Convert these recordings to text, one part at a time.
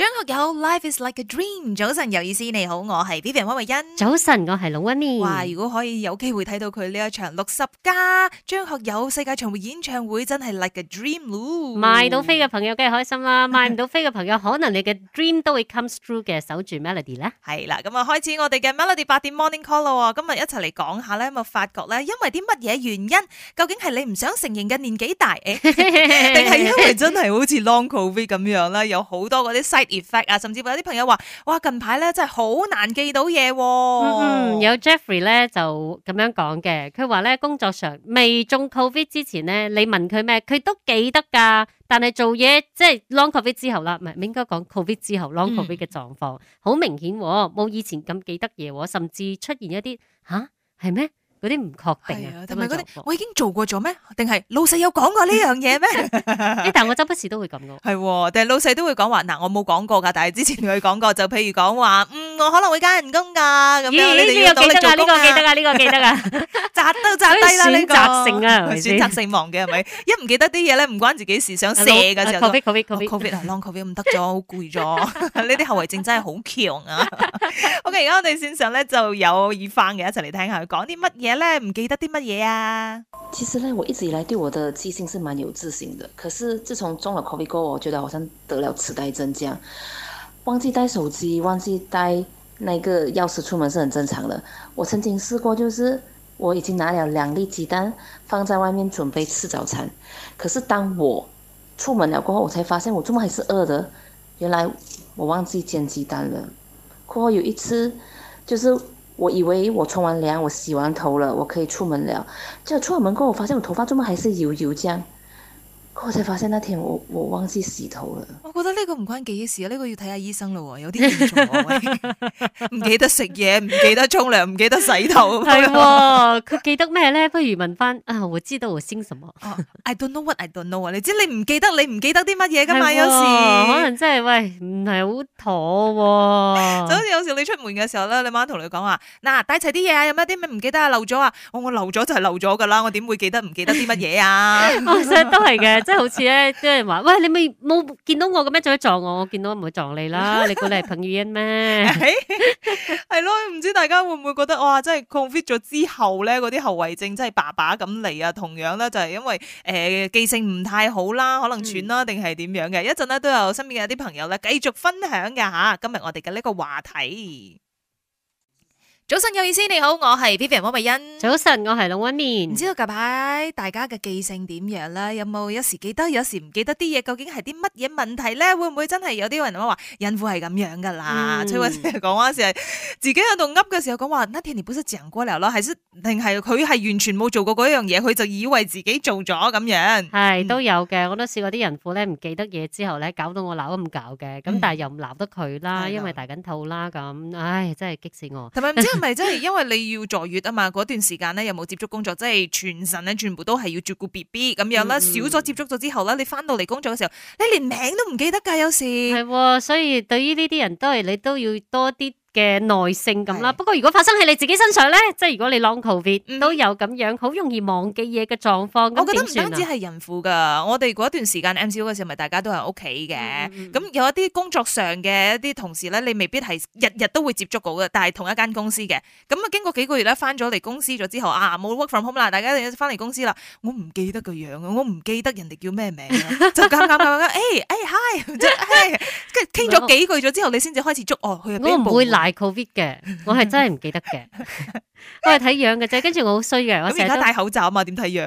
張學友 Life is like a dream，早晨有意思你好，我係 Vivian 溫慧欣。早晨，我係老 Winnie。哇，如果可以有機會睇到佢呢一場六十加張學友世界巡迴演唱會，真係 like a dream 嚕。賣到飛嘅朋友梗係開心啦，賣唔到飛嘅朋友， 可能你嘅 dream 都會 come through 嘅，守住 melody 咧。係啦，咁啊開始我哋嘅 melody 八點 morning call 啦，今日一齊嚟講下咧，咁啊發覺咧，因為啲乜嘢原因，究竟係你唔想承認嘅年紀大，定 係因為真係好似 long covid 咁樣咧，有好多嗰啲細。啊，甚至乎有啲朋友話，哇近排咧真係好難記到嘢、哦。嗯，有 Jeffrey 咧就咁樣講嘅，佢話咧工作上未中 COVID 之前咧，你問佢咩，佢都記得㗎。但係做嘢即係 Long COVID 之後啦，唔係唔應該講 COVID 之後 Long COVID 嘅狀況，好、嗯、明顯冇、哦、以前咁記得嘢、哦，甚至出現一啲吓係咩？啊嗰啲唔確定啊，同埋嗰啲我已經做過咗咩？定係老細有講過呢樣嘢咩？但我周不時都會咁嘅、 哦。係，但係老細都會講話，嗱，我冇講過㗎，但係之前佢講過，就譬如講話，嗯，我可能會加人工㗎咁樣。呢個記得啊，呢個記得啊，呢個記得啊，扎都扎低啦呢個選擇性啊，這個、啊選擇性忘嘅係咪？一唔記得啲嘢咧，唔關自己事，想射嘅就。COVID，COVID，COVID，long COVID，唔得咗，好攰咗。呢 啲後遺症真係好強啊。OK，而家我哋線上咧就有耳返嘅，一齊嚟聽下佢講啲乜嘢。咧唔記得啲乜嘢啊？其實咧，我一直以來對我的記性是蠻有自信的。可是自從中咗 Covid 我覺得好像得了痴呆症，這樣忘記帶手機、忘記帶那個鑰匙出門是很正常的。我曾經試過，就是我已經拿了兩粒雞蛋放在外面準備吃早餐，可是當我出門了過後，我才發現我中午還是餓的。原來我忘記煎雞蛋了。過後有一次，就是。我以為我沖完涼，我洗完頭了，我可以出門了。結果出了門後，我發現我頭髮怎麼還是油油這樣。嗰次發生一天，我我忘記洗頭啦。我覺得呢個唔關幾事啊，呢、呢個要睇下醫生咯，有啲嚴重啊！唔記得食嘢，唔記得沖涼，唔記得洗頭。係，佢記得咩咧？不如問翻啊，我知道我先什麼。 oh, I don't know what, I don't know。你知你唔記得，你唔記得啲乜嘢噶嘛？有時、哦、可能真係喂，唔係好妥喎。 就好似有時你出門嘅時候咧，你媽同你講話嗱，帶齊啲嘢啊，有咩啲咩唔記得啊，漏咗啊。我漏咗就係漏咗噶啦，我點會記得唔記得啲乜嘢啊？都係嘅。 即係好似咧，啲人話，喂，你咪冇見到我嘅咩？仲想撞我？我見到唔會撞你啦。你估你係彭語音咩？係係咯，唔知大家會唔會覺得哇？真係 COVID 咗之後咧，嗰啲後遺症真係爸爸咁嚟啊！同樣咧，就係因為誒、呃、記性唔太好啦，可能串啦，定係點樣嘅？一陣咧都有身邊嘅一啲朋友咧繼續分享嘅嚇。今日我哋嘅呢個話題。早晨有意思，你好，我係 B B 人黃美欣。早晨，我係老溫面。唔知道近排大家嘅記性點樣啦？有冇有，有時記得，有時唔記得啲嘢？究竟係啲乜嘢問題咧？會唔會真係有啲人講話孕婦係咁樣噶啦？崔溫先係講話，先係自己喺度噏嘅時候講話。n a t 本身長過流咯，還是定係佢係完全冇做過嗰樣嘢，佢就以為自己做咗咁樣。係都有嘅，嗯、我都試過啲孕婦咧唔記得嘢之後咧，搞到我鬧咁搞嘅。咁但係又唔鬧得佢啦，嗯、因為大緊肚啦。咁唉，真係激死我。 咪係，真係因為你要坐月啊嘛，嗰段時間咧又冇接觸工作，即係全神咧，全部都係要照顧 B B 咁樣啦。嗯、少咗接觸咗之後咧，你翻到嚟工作嘅時候，你連名都唔記得㗎，有時，係所以對於呢啲人都係你都要多啲，嘅耐性咁啦，不過如果發生喺你自己身上咧，即係如果你 Long Covid 都有咁樣，好容易忘記嘢嘅狀況咁點算啊？我覺得唔單止係孕婦噶，我哋嗰段時間 MCO 嘅時候咪大家都係屋企嘅，咁有一啲工作上嘅一啲同事咧，你未必係日日都會接觸到嘅，但係同一間公司嘅，咁啊經過幾個月咧翻咗嚟公司咗之後啊，冇 work from home 啦，大家翻嚟公司啦，我唔記得個樣啊，我唔記得人哋叫咩名，就啱啱誒誒 hi，跟住傾咗幾句咗之後，你先至開始捉我，佢唔會大 Covid 嘅，我係真係唔記得嘅， 我係睇樣嘅啫。跟住我好衰嘅，人我成日戴口罩啊嘛，點睇樣？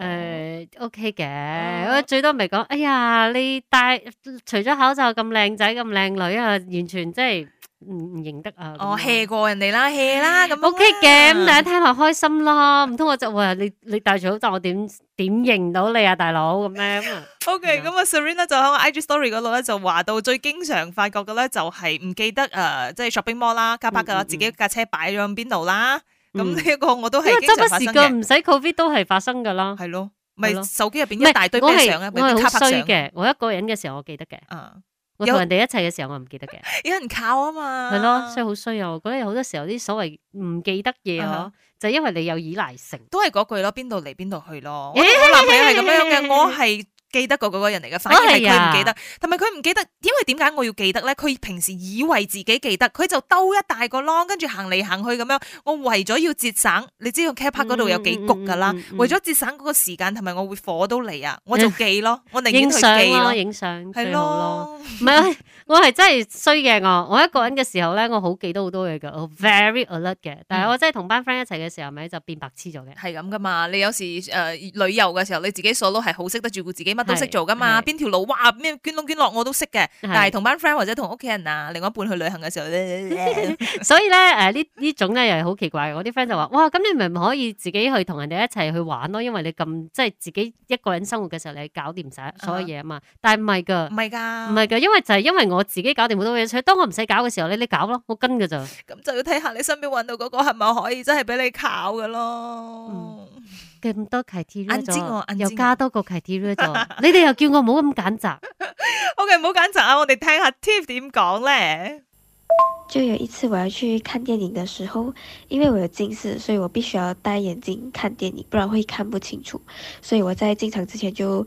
呃 OK、啊？誒，OK 嘅，我最多咪講，哎呀，你戴除咗口罩咁靚仔咁靚女啊，完全即係。唔唔認得啊！我 hea 過人哋啦 hea 啦咁。O K 嘅，咁大家聽落開心咯。唔通我就話你，你戴住，我點點認到你啊，大佬咁樣？O K，咁啊，Serena 就喺我 I G Story 嗰度咧，就話到最經常發覺嘅咧，就係唔記得誒，即係 shopping mall 啦、car park 噶，自己架車擺咗喺邊度啦。咁呢一個我都係經常發生嘅。唔使 COVID 都係發生噶啦。係咯，咪手機入邊一大堆咩相咧，佢會 car park 嘅。我一個人嘅時候我記得嘅。嗯。我同人哋一齊嘅時候，我唔記得嘅。 有人靠啊嘛，係咯，所以好衰啊！我覺得有好多時候啲所謂唔記得嘢嗬、啊，嗯、哼就因為你有依賴性。都係嗰句咯，邊度嚟邊度去咯。我男朋友係咁樣嘅，我係。記得過嗰個人嚟嘅，反而係佢唔記得，係咪？同埋佢唔記得？因為點解我要記得咧？佢平時以為自己記得，佢就兜一大個窿，跟住行嚟行去咁樣。我為咗要節省，你知道 c a p 嗰度有幾焗噶啦？嗯嗯嗯嗯，為咗節省嗰個時間，同埋我會火都嚟啊！我就記咯，我寧願去記咯，影相係咯，唔係 我係真係衰嘅我，我一個人嘅時候咧，我好記得好多嘢嘅，我 very alert 嘅。但係我真係同班 friend 一齊嘅時候，咪，嗯，就變白痴咗嘅。係咁噶嘛？你有時誒，呃，旅遊嘅時候，你自己所佬係好識得照顧自己。乜都識做噶嘛？邊條是的 路哇？咩捐窿捐，捐落我都識嘅。是的 但係同班 friend 或者同屋企人啊，另外一半去旅行嘅時候，呃呃呃 所以咧誒呢呢、呃、種咧又係好奇怪嘅。我啲 friend 就話：哇！咁你咪唔可以自己去同人哋一齊去玩咯？因為你咁即係自己一個人生活嘅時候，你搞掂晒所有嘢啊嘛。啊但係唔係噶，唔係噶，唔係噶，因為就係因為我自己搞掂好多嘢，所以當我唔使搞嘅時候咧，你搞咯，我跟噶就。咁就要睇下你身邊揾到嗰個係咪可以真係俾你靠噶咯。咁多 KTV 咗，又加多個 KTV 咗， 你哋又叫我唔好咁揀擇。O.K. 唔好揀擇啊，我哋聽下 Tiff 點講咧。就有一次我要去看電影嘅時候，因為我有近視，所以我必須要戴眼鏡看電影，不然會看不清楚。所以我在進場之前就。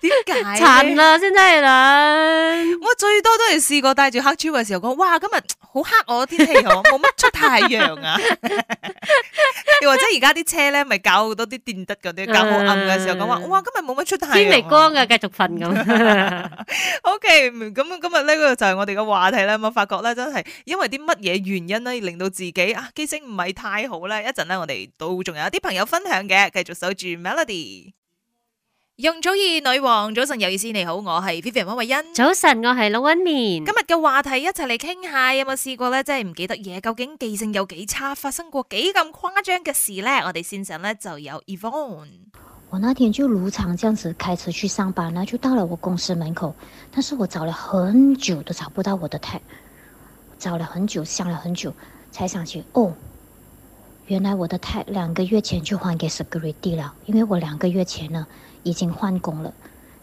點解？慘啦，先真係啦！我最多都係試過戴住黑超嘅時候講，哇！今日好黑，我天氣好，冇乜出太陽啊！又 或者而家啲車咧，咪搞好多啲電得啲，搞好暗嘅時候講話，哇！今日冇乜出太陽，啊，天微光嘅，繼續瞓咁。O K，咁今日呢個就係我哋嘅話題啦。有冇發覺咧？真係因為啲乜嘢原因咧，令到自己啊，記性唔係太好咧。一陣咧，我哋都仲有啲朋友分享嘅，繼續守住 Melody。容祖兒女王，早晨有意思，你好，我係 Vivian 溫慧欣。早晨，我係老溫棉。今日嘅話題一齊嚟傾下，有冇試過呢？真係唔記得嘢，究竟記性有幾差？發生過幾咁誇張嘅事呢？我哋線上呢，就有 Evon。我那天就如常這樣子開車去上班呢，就到了我公司門口，但是我找了很久都找不到我的 tag，找了很久，想了很久，才想起哦，原來我的 tag 兩個月前就還給 security 了，因為我兩個月前呢。已經換工了。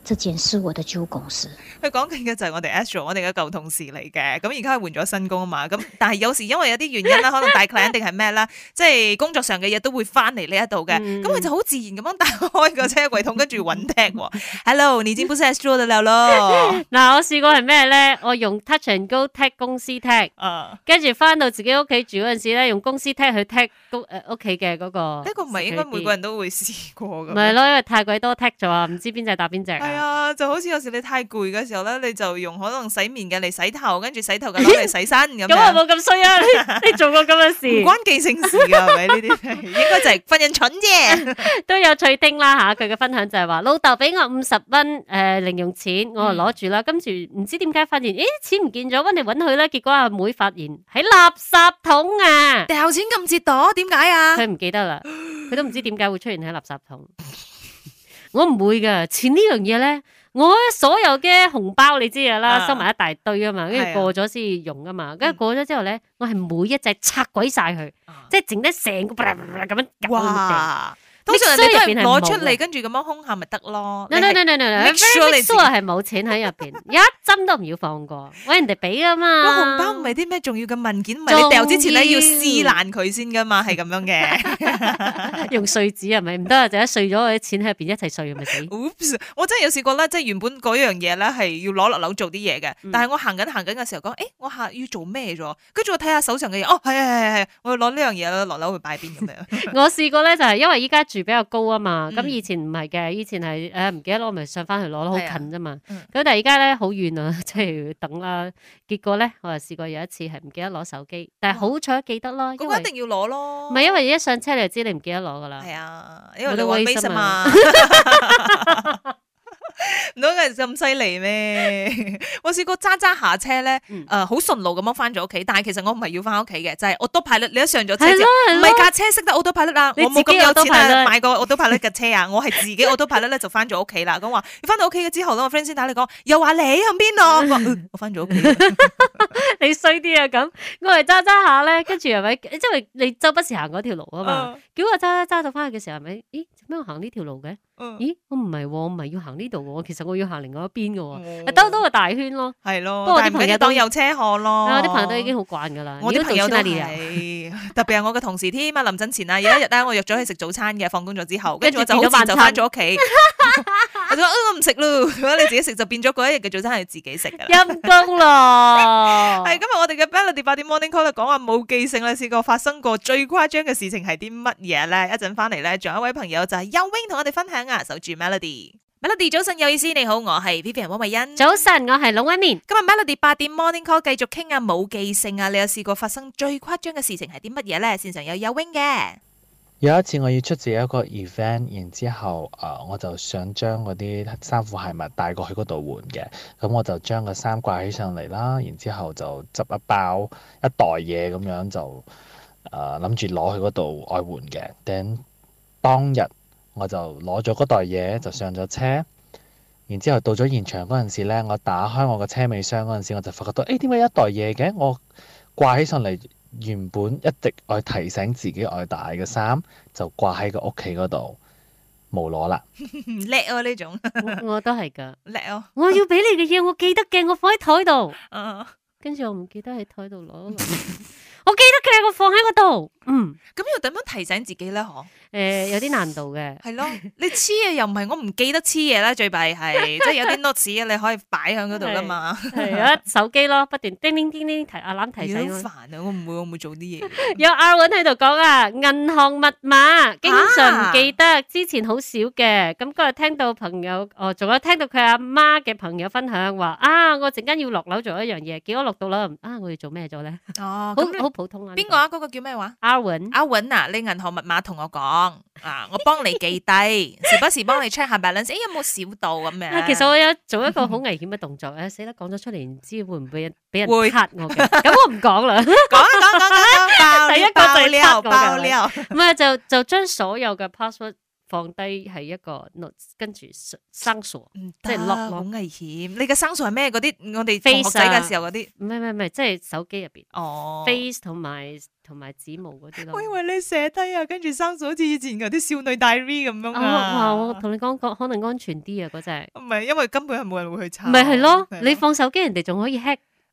這件事我的舊公司。佢講緊嘅就係我哋 a s t r 我哋嘅舊同事嚟嘅。咁而家換咗新工啊嘛。咁但係有時因為有啲原因啦，可能大概 l 定係咩啦，即係工作上嘅嘢都會翻嚟呢一度嘅。咁佢、嗯、就好自然咁樣打開個車櫃桶，跟住揾聽喎。 Hello，你知唔知 Astro 嘅 logo？嗱，我試過係咩咧？我用 Touch and Go t a 聽公司 tag。跟住翻到自己屋企住嗰陣時咧，用公司 tag 去聽屋誒屋企嘅嗰個。呢個唔係應該每個人都會試過嘅。咪係咯，因為太鬼多 tag 咗啊，唔知邊隻搭邊隻啊、就好似有時你太攰嘅時候呢，你就用可能洗面嘅嚟洗頭，跟住洗頭嘅攞嚟洗身咁 這樣。咁啊冇咁衰啊！ 你做過咁嘅事？唔關記性事噶，係咪？呢啲應該就係分人蠢啫。 都有趣丁啦吓，佢嘅分享就係話 老豆俾我五十蚊誒零用錢，我就攞住啦，跟住唔知點解發現咦，錢唔見咗，揾嚟揾去呢，結果阿妹，妹發現喺垃圾桶啊，掉錢咁折墮，點解啊？佢唔記得啦，佢都唔知點解會出現喺垃圾桶。 我唔會噶，錢呢樣嘢咧，我所有嘅紅包你知噶啦，啊、收埋一大堆啊嘛，跟住、啊、過咗先用啊嘛，跟住過咗之後咧，嗯、我係每一隻拆鬼晒佢，啊、即係整得成個咁哇樣。通常人哋攞出嚟入邊係冇，跟住咁樣空下咪得咯。Very sure 係冇錢喺入邊， 一針都唔要放過。揾人哋俾噶嘛？個紅包唔係啲咩重要嘅文件，唔係點你掉之前咧要撕爛佢先噶嘛？係咁樣嘅。 用碎紙係咪唔得啊？整一碎咗啲錢喺入邊一齊碎咪死。 Oops，我真係有試過啦，即係原本嗰樣嘢咧係要攞落樓做啲嘢嘅，嗯、但係我行緊行緊嘅時候講，誒、欸、我下要做咩咗？跟住我睇下手上嘅嘢，哦係係係係，我要攞呢樣嘢啦，落樓去擺邊咁樣。我， 我試過咧，就係因為依家，住比較高啊嘛，咁以前唔係嘅，以前係誒唔記得攞，咪上翻去攞咯，好近啫嘛。咁但係而家咧好遠啊，即係、啊嗯就是、等啦。結果咧，我係試過有一次係唔記得攞手機，哇但係好彩記得啦。咁一定要攞咯，唔係因為一上車你就知你唔記得攞噶啦。係啊，因為你因為你 唔通佢咁犀利咩？ 我試過揸揸下車咧，誒、嗯，好順、呃、路咁樣翻咗屋企。但係其實我唔係要翻屋企嘅，就係、是、奧多派勒你一上咗車唔係架車識得奧多派勒啦。自我冇咁有，有錢啊，都排買個奧多派勒架車啊。我係自己 奧多派勒咧就翻咗屋企啦。咁話翻到屋企嘅之後咧，我 friend 先打你講，又話你喺邊啊？我話翻咗屋企，你衰啲啊！咁我係揸揸下咧，跟住係咪？因為你周不時行嗰條路啊嘛。結、啊、果揸揸揸到翻去嘅時候係咪？咦，點解我行呢條路嘅？咦，我唔係，我唔係要行呢度嘅，其實我要行另外一邊嘅，兜兜、哦、個大圈咯，係咯。不過我啲朋友當有車可咯，啲朋、啊、朋友都已經好慣㗎喇。我啲朋友都係，啊、 特別係我嘅同事添啊，臨陣前啊有一日啊，我約咗去食早餐嘅，放工咗之後，跟住我好就好早就翻咗屋企。 啊、我唔食咯，如 果你自己食就變咗嗰一日嘅早餐係自己食噶啦。陰功咯，係 今日我哋嘅 Melody 八點 morning call 講話冇記性咧，試過發生過最誇張嘅事情係啲乜嘢咧？一陣翻嚟咧，仲有一位朋友就係有 wing 同我哋分享啊，守住 Melody。Melody 早晨有意思，你好，我係 Vivian 黃慧欣。早晨，我係龍一念。今日 Melody 八點 morning call 繼續傾啊，冇記性啊，你有試過發生最誇張嘅事情係啲乜嘢咧？線上有有 wing 嘅。有一次我要出席一個 event，然之後啊、呃，我就想將嗰啲衫褲鞋襪帶過去嗰度換嘅，咁我就將個衫掛起上嚟啦，然之後就執一包一袋嘢咁樣就啊諗住攞去嗰度愛換嘅。等當日我就攞咗嗰袋嘢就上咗車，然之後到咗現場嗰陣時呢，我打開我個車尾箱嗰陣時，我就發覺到，誒點解有一袋嘢嘅？我掛起上嚟。原本一直愛提醒自己愛帶嘅衫，就掛喺個屋企嗰度，冇攞啦。叻啊，呢種， 我都係噶叻啊，我，明我， 我要俾你嘅嘢，我記得嘅，我放喺台度。跟住 我唔記得喺台度攞。 我記得佢，我放喺嗰度。嗯，咁要點樣提醒自己咧？嗬，誒，有啲難度嘅。係咯，你黐嘢 又唔係我唔記得黐嘢啦，最弊係即係有啲 notes，你可以擺喺嗰度噶嘛。係啊，手機咯，不斷叮叮叮叮，叮，叮提阿諗提醒。好煩啊！我唔會，我唔會做啲嘢。 有阿文喺度講啊，銀行密碼經常唔記得，之前好少嘅。咁今日聽到朋友，哦，仲有聽到佢阿媽嘅朋友分享話啊，我陣間要落樓做一樣嘢，結果落到啦，啊，我要做咩、啊啊啊、做咧？哦、啊，普通啊，邊個啊？嗰、那個叫咩話？阿文文，阿文啊！你銀行密碼同我講啊，我幫你記低， 時不時幫你 check 下 balance，誒、哎、有冇小到咁樣？其實我有做一個好危險嘅動作，誒死得講咗出嚟唔知會唔會俾人 cut 我嘅？咁會我唔講啦，講講講講，爆料 第一個最 cut 嘅，唔係 就就將所有嘅 password。放低係一個 notes，跟住生傻，行即係落好危險。你嘅生傻係咩？嗰啲、啊、我哋放學仔嘅時候嗰啲，唔係唔係唔係，即係、就是、手機入邊，face 同埋同埋指模嗰啲咯。我以為你寫低啊，跟住生傻，好似以前嗰啲少女 Diary 咁樣啊。哦哦、我同你講講，可能安全啲啊，嗰隻。唔係，因為根本係冇人會去查。咪係咯，咯你放手機，人哋仲可以 hack。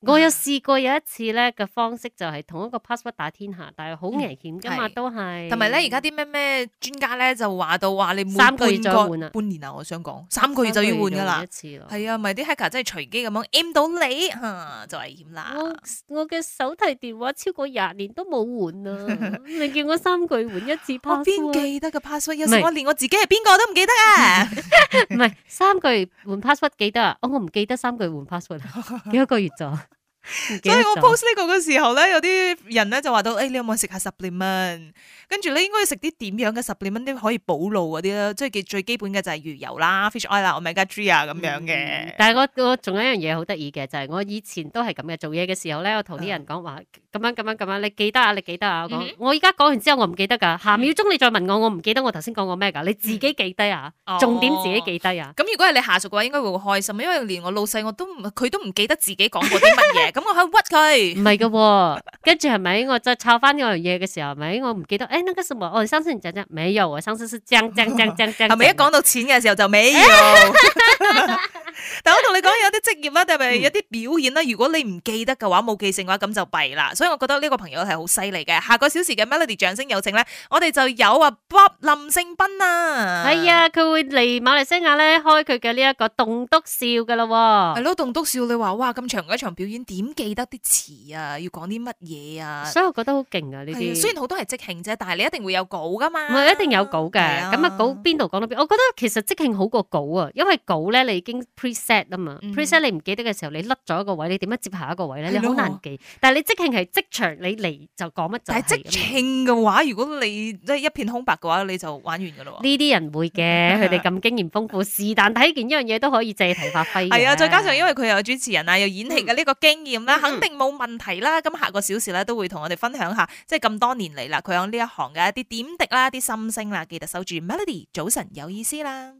我有試過有一次咧嘅方式就係同一個 password 打天下，但係好危險噶嘛，都係。同埋咧，而家啲咩咩專家咧就話到話你三個月就換啦，半年啊，我想講三個月就要換噶啦，係啊，咪啲 hacker 真係隨機咁樣 m 到你、嗯、就是、危險啦。我嘅手提電話超過廿年都冇換啊， 你叫我三個月換一次 password？邊記得 password？個 password？有時我連我自己係邊個都唔記得啊。唔係 三個月換 password 記得啊？哦，我唔記得三個月換 password，幾多個月咗？ 所以我 post 呢個嘅時候咧，有啲人咧就話到，誒、哎，你有冇食下 supplement？跟住咧應該要食啲點樣嘅 supplement 啲可以補腦嗰啲啦，即係最基本嘅就係魚油啦、fish oil 啦、Omega 3啊咁樣嘅、嗯。但係我我仲有一樣嘢好得意嘅，就係、是、我以前都係咁嘅，做嘢嘅時候咧，我同啲人講話、啊。咁樣咁樣咁樣，你記得啊？你記得啊？我講，我而家講完之後我唔記得噶。下秒鐘你再問我，我唔記得我頭先講過咩噶？你自己記低啊，重點自己記低啊。咁如果係你下屬嘅話，應該會好開心，因為連我老細我都唔佢都唔記得自己講過啲乜嘢。咁我喺度屈佢。唔係噶，跟住係咪我真係湊翻呢樣嘢嘅時候係咪？我唔記得。誒，那個什麼？哦，上次你講講沒有啊？上次是將將將將將。係咪一講到錢嘅時候就沒有？但係我同你講有啲職業啦，定係咪有啲表演啦？如果你唔記得嘅話，冇記性嘅話，咁就弊啦。所以。因為我覺得呢個朋友係好犀利嘅。下個小時嘅 Melody 掌聲有請咧，我哋就有啊 Bob 林勝斌啊，係啊，佢會嚟馬來西亞咧開佢嘅呢一個棟篤笑噶啦。係咯，棟篤笑你話哇咁長嘅一場表演，點記得啲詞啊？要講啲乜嘢啊？所以我覺得好勁啊呢啲。雖然好多係即興啫，但係你一定會有稿噶嘛。唔係，一定有稿嘅。咁啊稿邊度講到邊？我覺得其實即興好過稿啊，因為稿咧你已經 preset 啊嘛。preset 你唔記得嘅時候，你甩咗一個位，你點樣接下一個位咧？你好難記。但係你即興係。即場你嚟就講乜就，但係即興嘅話，如果你即係一片空白嘅話，你就玩完噶啦。呢啲人會嘅，佢哋咁經驗豐富，是但睇見呢樣嘢都可以借題發揮。係啊， 再加上因為佢又有主持人啊，又演戲嘅呢個經驗啦， 肯定冇問題啦。咁下個小時咧都會同我哋分享下，即係咁多年嚟啦，佢有呢一行嘅一啲點滴啦，啲心聲啦，記得守住 Melody，早晨有意思啦。